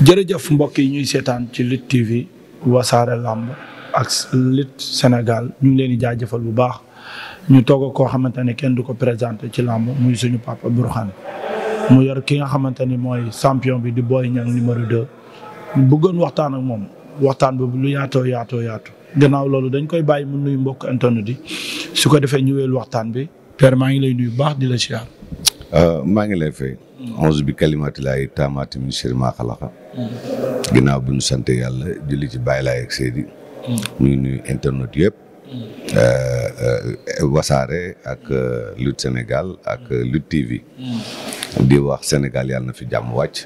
jërëjëf mbokk yi ñuy seetaan ci Lutte TV wasaare làmb ak Lutte Sénégal ñu ngi leen di jaajëfal bu baax ñu toog koo xamante ne kenn du ko présenté ci làmb muy suñu papa Bourkhane mu yor ki nga xamante ni mooy sampion bi di Boy Niang de 2. bëggoon waxtaan ak moom waxtaan boobu lu yaatoo yaatoo yaatu gannaaw loolu dañ koy bàyyi mu nuyu mbokk internet di su ko defee ñëweel waxtaan bi père maa ngi lay nuyu baax di la siyaar. Euh, maa ngi lay fay. onze bi kalimaatilaay taamaati min sharri maa xalaqa ginnaaw bi ñu sant yàlla julli ci bàyyi laay ak Seydi ñuy nuyu internet yëpp eh, eh, wasaare ak eh, Lutte Sénégal ak Lutte TV di wax Sénégal yàlla na fi jàmm wàcc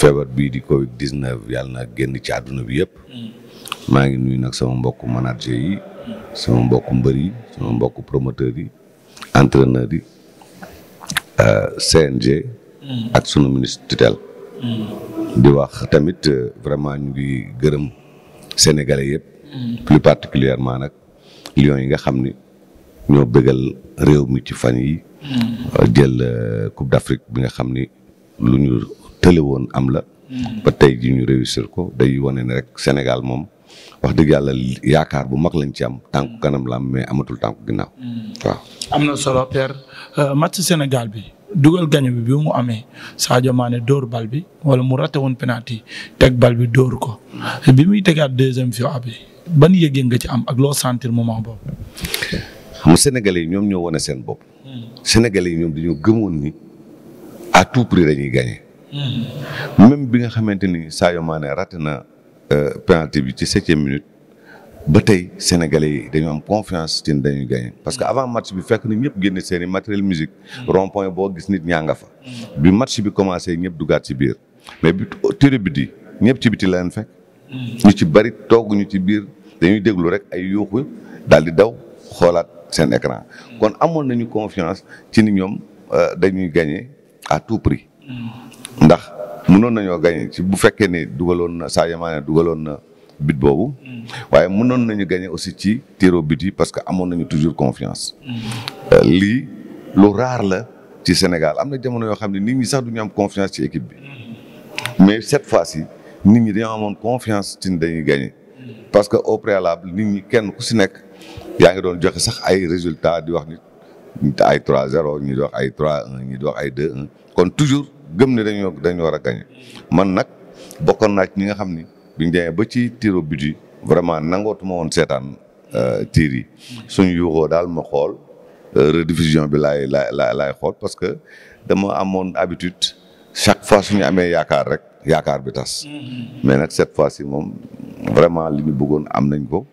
feebar bii di Covid 19 yàlla na génn ci àdduna bi yëpp maa ngi nuyu nag sama mbokku manaat yi sama mbokku mbër sama mbokku promoteur yi entraîneur yi CNG ak sunu ministre tutelle. di wax tamit euh, vraiment ñu ngi gërëm sénégalais yëpp. plus particulièrement nag lions yi nga xam ni ñoo bëggal réew mi ci fan yi jël euh, Coupe d'Afrique bi nga xam ni lu ñu tële woon am la. ba tey ji ñu réussir ko day wane ne rek Sénégal moom. wax dëgg yàlla yaakaar bu mag lañ ci am tànku kanam la am mais amatul tànku ginnaaw waaw am na solo Père euh, match Sénégal bi dugal gaño bi bi mu amee Sadio Mané dóor bal bi wala mu raté woon penalty teg bal bi dóor ko bi muy tegaat deuxième fois bi ban yëg-yëg ci am ak loo sentir moment boobu. xam nga sénégalais yi ñoom ñoo wane seen bopp. sénégalais yi ñoom dañoo gëmoon ni a tout prix dañuy gagné. Hmm. même bi nga xamante ni Sadio Mané raté na euh, penalty bi ci septième minute. ba tey sénégalais yi dañu am confiance ci dañuy gagné parce que avant match bi fekk na ñëpp génne seeni i matériel musique mm. rond boo gis nit ñaa nga fa. Mm. bi match bi commencé ñëpp dugaat ci biir mais bi tere bi di ñëpp ci biti la leen fekk. Mm. ñu ci bari toog ci biir dañuy déglu rek ay yuuxu daal di daw xoolaat seen écran kon amoon nañu confiance ci ni ñoom euh, dañuy gagné à tout prix. ndax mënoon nañoo gagné ci bu fekkee ne dugaloon na Sadio Mané dugaloon na. bit boobu. Mm. waaye mënoon nañu gagné aussi ci tiro bit yi parce que amoon nañu toujours confiance. Mm. Euh, lii lu raar la ci Sénégal am na jamono yoo xam ne nit ñi sax du ñu am confiance ci équipe bi mm. mais cet fois-ci nit ñi dañoo amoon confiance ci dañuy gagné. parce que au préalable nit ñi kenn ku si nekk yaa ngi doon joxe sax ay résultats di wax ni ay 3-0 ñi di wax ay trois 1 ñi di ay 2 kon toujours gëm ne dañoo dañu war a gagné man nag bokkoon naa ci ñi nga xam ni. bi ñu ba ci tiro vraiment nangootuma woon seetaan euh, tiir yi suñu yuuxoo daal ma xool euh, rediffusion bi laay laay laay laay xool parce que dama amoon habitude chaque fois suñu amee yaakaar rek yaakaar bi tas mm-hmm. mais nag cette fois si moom vraiment li ñu bëggoon am nañ ko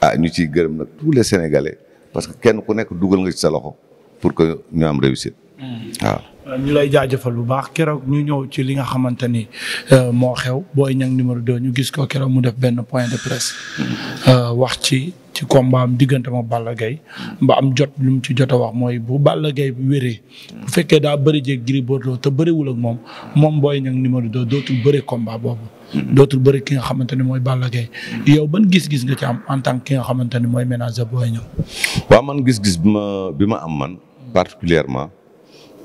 ah ñu ciy gërëm nag tous les sénégalais parce que kenn ku nekk dugal nga ci sa loxo pour que ñu am réussite Mm. waaw. Euh, ñu lay jaajëfal bu baax keroog ñu ñëw ci li nga xamante ni euh, moo xew booy Niang numéro 2 ñu gis ko keroog mu def benn point de presse mm. euh, wax ci ci combat diggante moo Balla Gaye mm. ba am jot lu mu ci jot a wax mooy bu Balla Gaye bu wéree bu fekkee daa bëri jéeg Gris Bordeaux te bëriwul ak moom moom booy Niang numéro 2 dootul bëri combat boobu. dootul bëri ki nga xamante ne mooy Balla Gaye yow ban gis-gis nga ci am en tant ki nga xamante ne mooy ménager Boy Niang. waaw man gis-gis bi ma bi ma am man particulièrement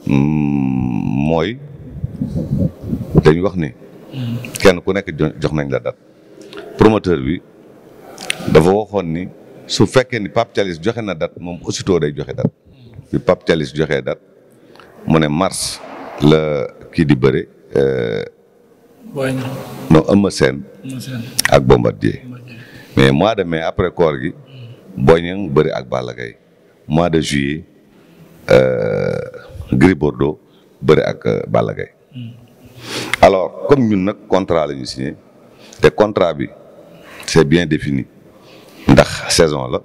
Mm, mooy dañu wax ni kenn ku nekk jox nañ la date promoteur bi dafa waxoon ni su fekkee ni Pape Thialis joxe na date moom aussitôt day joxe date bi Pape Thialis joxee date mu ne mars la kii di bëre euh, non Eumeu Sène ak Bombardier mais mois de mai après koor gi mm. Boy Niang bëri ak Balla Gaye mois de juillet euh, Gris Bordeaux bëre ak euh, Balla hmm. alors comme ñun nag contrat la si signé te contrat bi c'est bien défini ndax saison la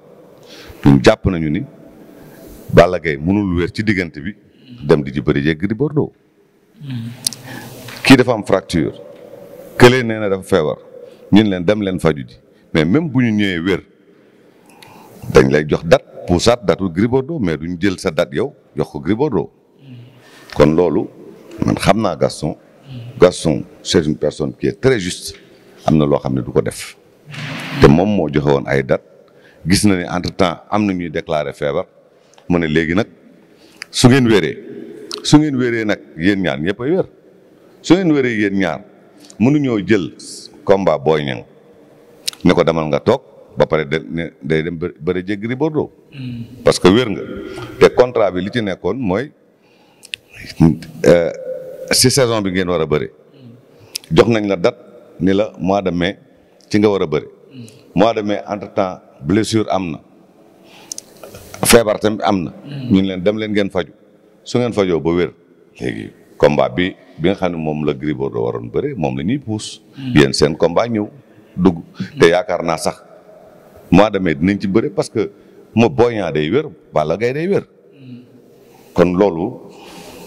ñun jàpp nañu ni Balla Gaye mënul wér ci diggante bi dem di ci bëri jeeg Gris Bordeaux kii dafa am fracture këlee nee na dafa feebar ñun leen dem leen faju ji mais même bu ñu ñëwee wér dañ lay jox dat pour saat datu Gris Bordeaux mais duñ jël sa dat yow jox ko Gris Bordeaux kon loolu man xam naa Gaston Gaston c'est une personne qui est très juste am na loo xam ne du ko def te moom moo joxe woon ay date gis na ne entre temps am na ñuy déclaré feebar mu ne léegi nag su ngeen wéree su ngeen wéree nag yéen ñaar ñëpp a wér su ngeen wéree yéen ñaar mënuñoo jël combat Boy Niang ne ko demal nga toog ba pare de day dem bëri jéggi Bordeaux. Mm. parce que wér nga te contrat bi li ci nekkoon mooy. Euh, si saison bi ngeen war a bëri jox nañ la dat ni la mois de mai ci nga war a bëri mois de mai entre temps blessure am na feebar tamit am na ñun leen dem leen ngeen faju su ngeen fajoo ba wér léegi combat bi bi nga xam ne moom la Gris Bordeaux waroon bëri moom la ñuy puus yéen seen combat ñëw dugg te yaakaar naa sax mois de mai dinañ ci bëri parce que mo Boy Niang day wér Balla Gaye day wér kon loolu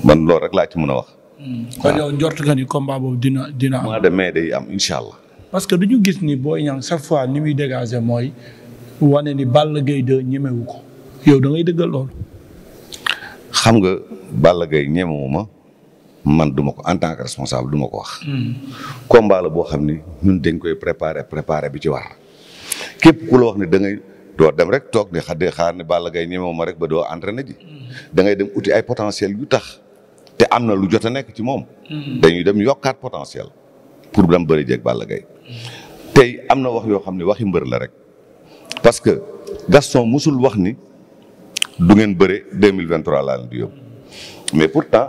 man loolu rek laa ci mën a wax. Hmm. kon yow njort nga ni combat boobu dina dina am. mois de mai am incha allah. parce que du ñu gis ni Boy Niang chaque fois ni muy dégager mooy wane ni Balla Gaye dë ñemewu ko yow da ngay loolu. xam nga Balla Gaye ñemewu ma man duma ko en tant que responsable duma ko wax. Hmm. combat la boo xam ni ñun dañ koy préparer préparer bi ci war képp ku la wax ne da ngay doo dem rek toog ne xade xaar ne Balla Gaye ñemewu ma rek ba doo entraîné ji. Hmm. da ngay dem uti ay potentiel yu tax. te am na lu jot a nekk ci moom. Mhm. dañuy dem yokkaat potentiel pour dem bëri jeeg Balla Gaye tey am na wax yoo xam ne waxi mbër la rek parce que Gaston musul wax ni du ngeen bëre deux mille vingt trois laa leen di yóbbu mais pourtant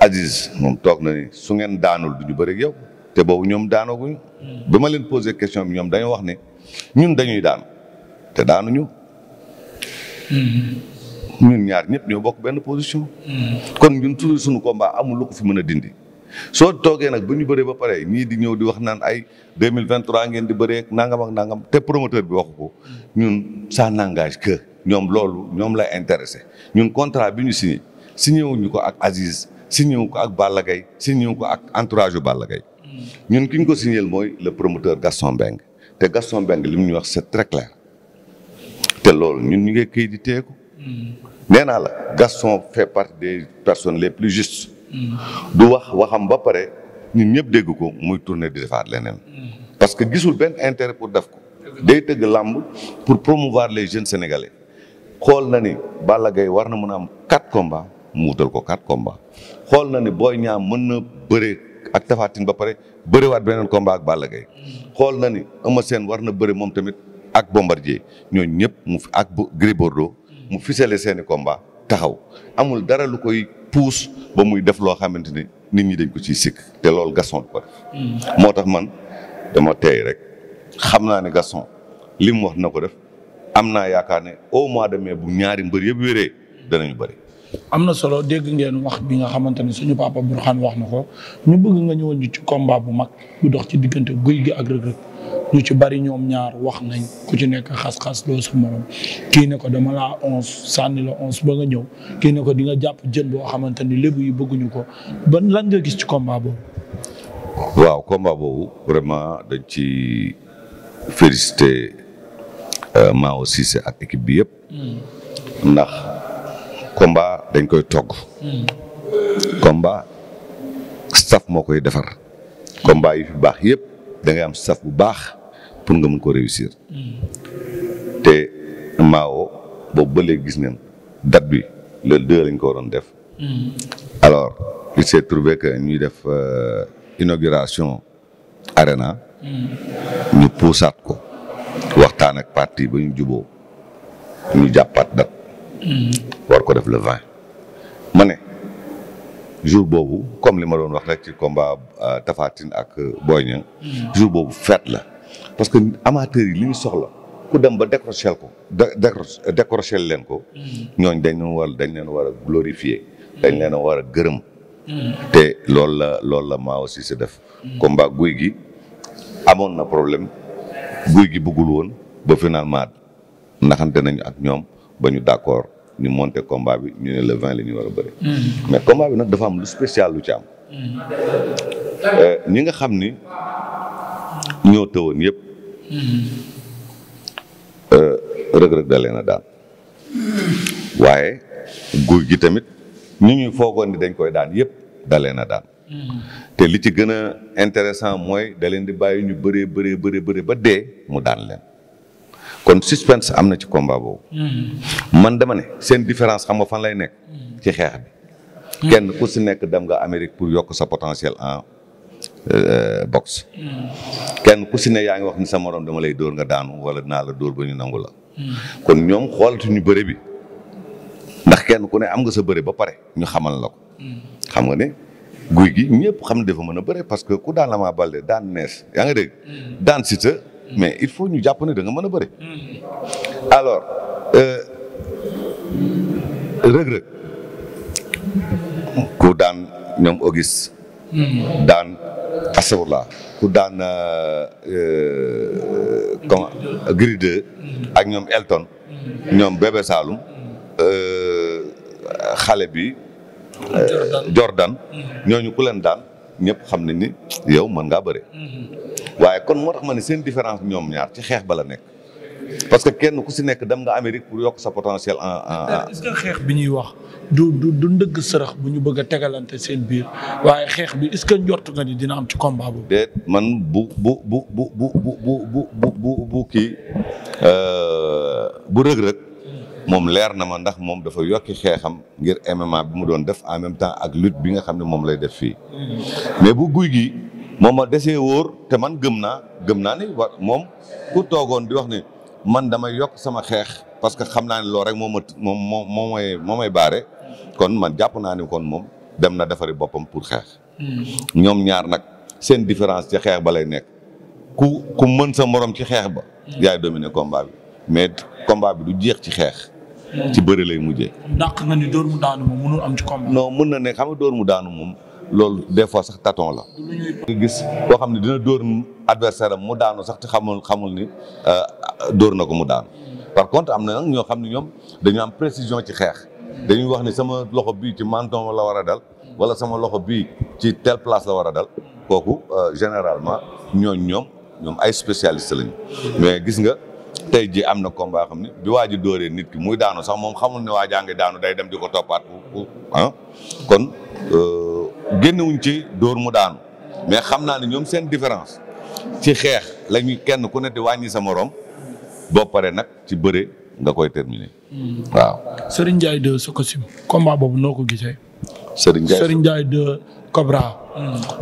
Aziz moom toog na ni su ngeen daanul du ñu bëri yow te boobu ñoom daanaguñu. Mhm. bi ma leen posé question bi ñoom dañoo wax ni ñun dañuy daan te daanuñu. Mhm. ñun ñaar ñëpp ñoo bokk benn position. kon ñun toujours suñu combat amul lu ko fi mën a dindi. soo toogee nag ba ñu bëree ba pare ñii di ñëw di wax naan ay deux mille vingt trois ngeen di baree ak nangam ak nangam te promoteur bi waxu ko ñun ça n'engage que ñoom loolu ñoom lay intéressé ñun contrat bi ñu si signé wuñu ko ak Aziz si wu ko ak Balla si signé ko ak entourage yu Balla Gaye ñun ki ñu ko signé mooy le promoteur Gaston Mbengue te Gaston Mbengue li mu ñu wax set très clair te loolu ñu ngi di téye nee naa la Gaston fait partie des personnes les plus justes. Mm. du wax waxam ba pare ñu ñëpp dégg ko muy tourner di defaat leneen. Mm. parce que gisul benn intérêt pour def ko. day tëgg làmb pour promouvoir les jeunes sénégalais. xool na ni Balla Gaye war na mën am quatre combats mu wutal ko quatre combats xool na ni Boy ñaam mën na bëre ak Tapha ba pare bëriwaat beneen combat ak Balla Gaye. Mm. xool na ni Eumeu Sène war na bëre moom tamit ak Bombardier ñooñu ñëpp mu fi ak Gris Bordeaux mu ficeler seeni komba taxaw amul dara lu koy puus ba muy def loo xamante ni nit ñi dañ ko ciy sikk te loolu Gaston ko def hmm. moo tax man dama teey rek xam naa ne Gaston li mu wax na ko def am naa yaakaar ne au mois de mai bu ñaari mbër yëpp wéree danañu bëri. am na solo dégg ngeen wax bi nga xamante ne suñu papa Bourkhane wax na ko ñu bëgg nga ñëwoon ci combat bu mag bu dox ci diggante guy gi ak rëg-rëg ñu ci bari ñoom ñaar wax nañ ku ci nekk xas-xas loo sa morom kii ne ko dama laa onze sànni la onze ba nga ñëw kii ne ko di nga jàpp jën boo xamante ni lébu yi bëgguñu ko ban lan nga gis ci combat boobu. waaw combat boobu dañ ci félicité euh, Mao Cissé ak équipe bi yëpp. Hmm. ndax combat dañ koy togg. Hmm. combat staff moo koy defar. combat yi fi baax yëpp da ngay am bu baax pour nga mën koo réussir. te Mao boobu ba léegi gis ngeen date bi le deux lañ ko waroon def. alors il s'est trouvé que ñuy def euh, inauguration arena ñu puusaat ko waxtaan ak partie ba ñu juboo ñu jàppaat date. war ko def le vingt. ma ne jour boobu comme li ma doon wax rek ci komba euh, Tapha Tine ak euh, Boy Niang jour boobu fête la. parce que amateurs yi li ñu soxla ku dem ba décroché ko décroché leen ko. Mm. ñooñ dañ leen war dañ leen war a glorifier. Mm. dañ leen a war a gërëm. Mm. te loolu la loolu la maa aussi si def. combat guy gi amoon na problème guy gi bëggul woon ba finalement naxante nañu ak ñoom ba ñu d'accord ñu monter combat bi ñu ne le vingt la ñu war a bëri. mais combat bi nag dafa am lu spécial lu ci am. Euh, nga xam ni ñoo tëwoon yëpp. Mm-hmm. Euh, rëg-rëg da leen daan mm-hmm. waaye guy gi tamit ñu ñuy foogoon ni dañ koy daan yëpp da leen a daan. Mm-hmm. te li ci gën a intéressant mooy da leen di bàyyi ñu bëree bëree bëree bëree ba dee mu daan leen kon suspense am na ci combat boobu. man dama ne seen différence xam nga fan lay nekk. ci xeex bi. kenn ku si nekk dem nga Amérique pour yokk sa potentiel en. Euh, box kenn ku si ne yaa ngi wax ni sa morom dama lay dóor nga daanu wala dinaa la dóor ba ñu nangu la. kon ñoom xoolatuñu bëre bi ndax kenn ku ne am nga sa bëre ba pare ñu xamal la ko. xam nga ne guy gi ñëpp xam ne dafa mën a bëre parce que ku daan la maa balde yaa nga dégg. daan si mais il ñu jàpp ne da mën a bëre. alors euh, rëg-rëg ku daan ñoom Auguste. daan. astafurlah ku daan euh, euh, comment Gris 2 ak ñoom Elton ñoom Bébé Saloum euh, xale bi Jordan ñooñu ku leen daan ñëpp xam nañ ni yow mën ngaa bëre mm-hmm. waaye kon moo tax ma ne seen différence ñoom ñaar ci xeex ba la nekk parce que kenn ku si nekk dem nga Amérique pour yokk sa potentiel en xeex bi ñuy wax du du du ndëgg sërëx bu ñu bëgg a tegalante seen biir waaye xeex bi est-ce que njort nga ni dina am ci combat boobu. déet man bu bu bu bu bu bu bu bu bu kii bu rëg-rëg moom leer na ma ndax moom dafa yokki xeexam ngir MMA bu mu doon def en même temps ak lutte bi nga xam ne moom lay def fii mais bu guy gi moom a desee wóor te man gëm naa gëm naa ni wa moom ku toogoon di wax ne. man damay yokk sama xeex parce que xam naa ne loolu rek moom ma moom moo moo may moo may baare kon man jàpp naa ni kon moom dem na defaree boppam pour xeex. Hmm. ñoom ñaar nag seen différence ci xeex ba lay nekk ku ku mën sa moroom ci xeex ba. Hmm. yaay dominer combat bi mais combat bi du jeex ci xeex. Hmm. ci bëri lay mujjee. ndax nga ni dóor mu daanu moom mën na nekk xam nga dóor mu daanu moom loolu des fois sax taton la. nga gis koo xam ne dina dóor adversaire mu daanu sax te xamul xamul ni euh, dóor na ko mu daan par contre am na nag ñoo xam ne ñoom dañu am précision ci xeex dañuy wax ni sama loxo bii ci menton la war a dal wala sama loxo bii ci telle place la war a dal kooku euh, généralement ñooñ ñoom ñoom ay spécialiste lañu mais gis nga tey ji am na combat xam ne bi waa ji dóoree nit ki muy daanu sax moom xamul ne waa jaa daanu day dem di ko toppaat ah kon euh, génnewuñ ci dóor mu daanu mais xam naa ne ñoom seen différence ci xeex la ñuy kenn ku ne di wàññi sa morom boo paree nag ci bëre nga koy terminer. waaw. Serigne Ndiaye de Sokocim combat boobu noo ko gisee. Serigne Ndiaye Serigne Ndiaye de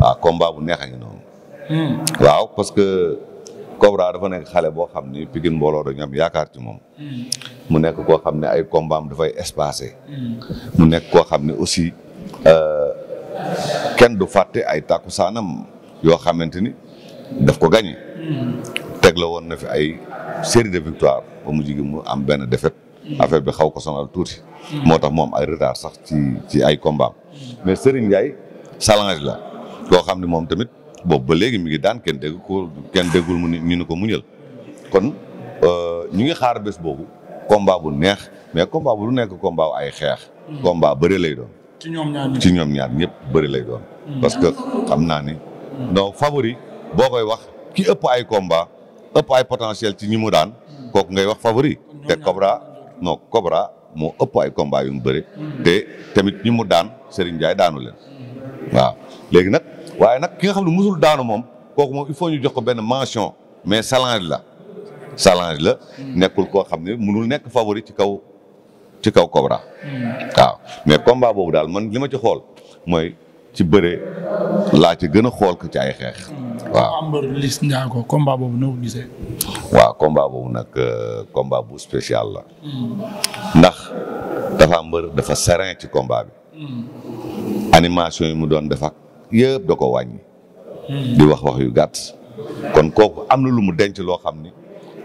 ah, bu neex a noonu. waaw parce que Cobra dafa nekk xale boo xam ni Pikine mbooloo dañu am yaakaar ci moom. mu nekk koo xam ne ay combat dafay espacé. mu nekk koo xam ne aussi euh, kenn du fàtte ay takku saanam yoo xamante ni daf ko gagné. teg la woon na fi ay série de victoire ba mujj gi mu am benn défaite. affaire bi xaw ko sonal tuuti. moo tax mu am ay retard sax ci ci ay combat mais Serigne gaay salange la koo xam ne moom tamit boobu ba léegi mi ngi daan kenn dégg ko kenn déggul mu ñu nu ko mu ñël kon euh, ñu ngi xaar bés boobu combat bu neex mais combat bu du nekk combat ay xeex. combat bëri lay doon. ci ñoom ñaar ñëpp ci ñoom ñaar ñëpp bëri lay doon. parce que xam naa ni. donc favori boo koy wax ki ëpp ay combat ëpp ay potentiel ci ñi mu daan kooku ngay wax favori te Cobra non Cobra moo ëpp ay combat yu mu bëri mm-hmm. te tamit ñi mu daan Serigne Ndiaye daanu leen mm-hmm. waaw léegi nag waaye nag ki nga xam ne musul daanu moom kooku moom il faut ñu jox ko benn mention mais challenge la challenge la mm-hmm. nekkul koo xam ne mënul nekk favori ci kaw ci kaw Cobra waaw mais combat boobu daal man li ma ci xool mooy ci bëre laa ci gën a xool ko ci ay xeex. waaw am mbër Liss boobu noo waaw combat nag euh, combat bu spécial la. Mm. ndax dafa mbër dafa serein ci combat bi. Mm. animation yi mu doon def ak da ko wàññi. Mm. di wax wax yu gàtt. kon kooku am na lu mu denc loo xam ni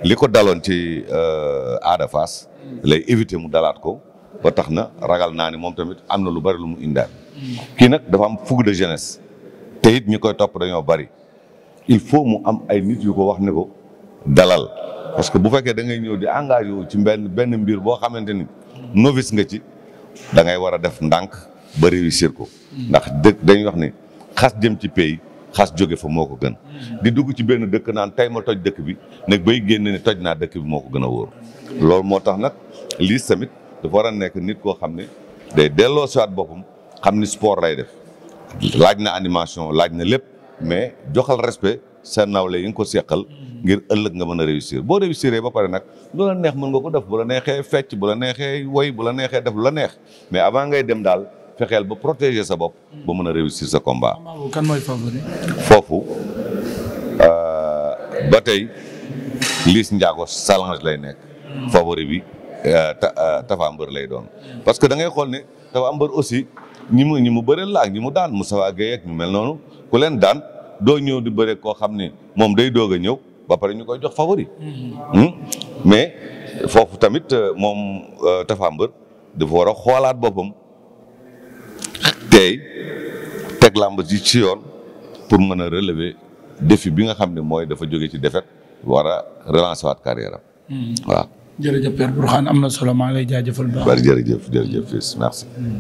li ko daloon ci euh, Ada Fass lay éviter mu dalaat ko ba tax na ragal naa ni moom tamit am na lu bari lu mu indaal. kii nag dafa am fougue de jeunesse te it ñi koy topp dañoo bari il faut mu am ay nit yu ko wax ne ko dalal parce que bu fekkee da ngay ñëw di engage wu ci benn benn mbir boo xamante ni novice nga ci dangay ngay war a def ndànk ba réussir ko. ndax dëkk dañuy wax ni xas jëm ci pays xas jóge fa moo ko gën. di dugg ci benn dëkk naan tey ma toj dëkk bi nag bay génne ne toj naa dëkk bi moo ko gën a wóor loolu moo tax nag lii tamit dafa war a nekk nit koo xam ne day delloo siwaat boppam. xam ni sport lay def laaj na animation laaj na lépp mais joxal respect sa nawle yi nga ko seqal ngir ëllëg nga mën a réussir boo réussiree ba pare nag lu la neex mën nga ko def bu la neexee fecc bu la neexee woy bu la neexee def la neex mais avant ngay dem daal fexeel ba protéger sa bopp ba mën a réussir sa combat. kan mooy favori. foofu euh, ba tey Liss Ndiago challenge lay nekk. favori bi euh, euh, Tapha Mbeur lay doon. parce que da xool ne Tapha Mbeur aussi. ñi mu ñi mu bëreel la ak ñi mu daan mu Gueye ak ñu mel noonu ku leen daan doo ñëw di bëre koo xam ne moom day doog a ñëw ba pare ñu koy jox favori. Mm-hmm. Hmm? mais foofu tamit euh, moom euh, Tapha Mbeur dafa war a xoolaat boppam tey teg làmb ji ci yoon pour mën a relever défi bi nga xam ne mooy dafa jóge ci défaite war a relancer waat carrière am mm-hmm. waaw. jërëjëf Père Bourkhane am na solo maa ngi lay jaajëfal baax. jërëjëf jërëjëf merci. Mm-hmm.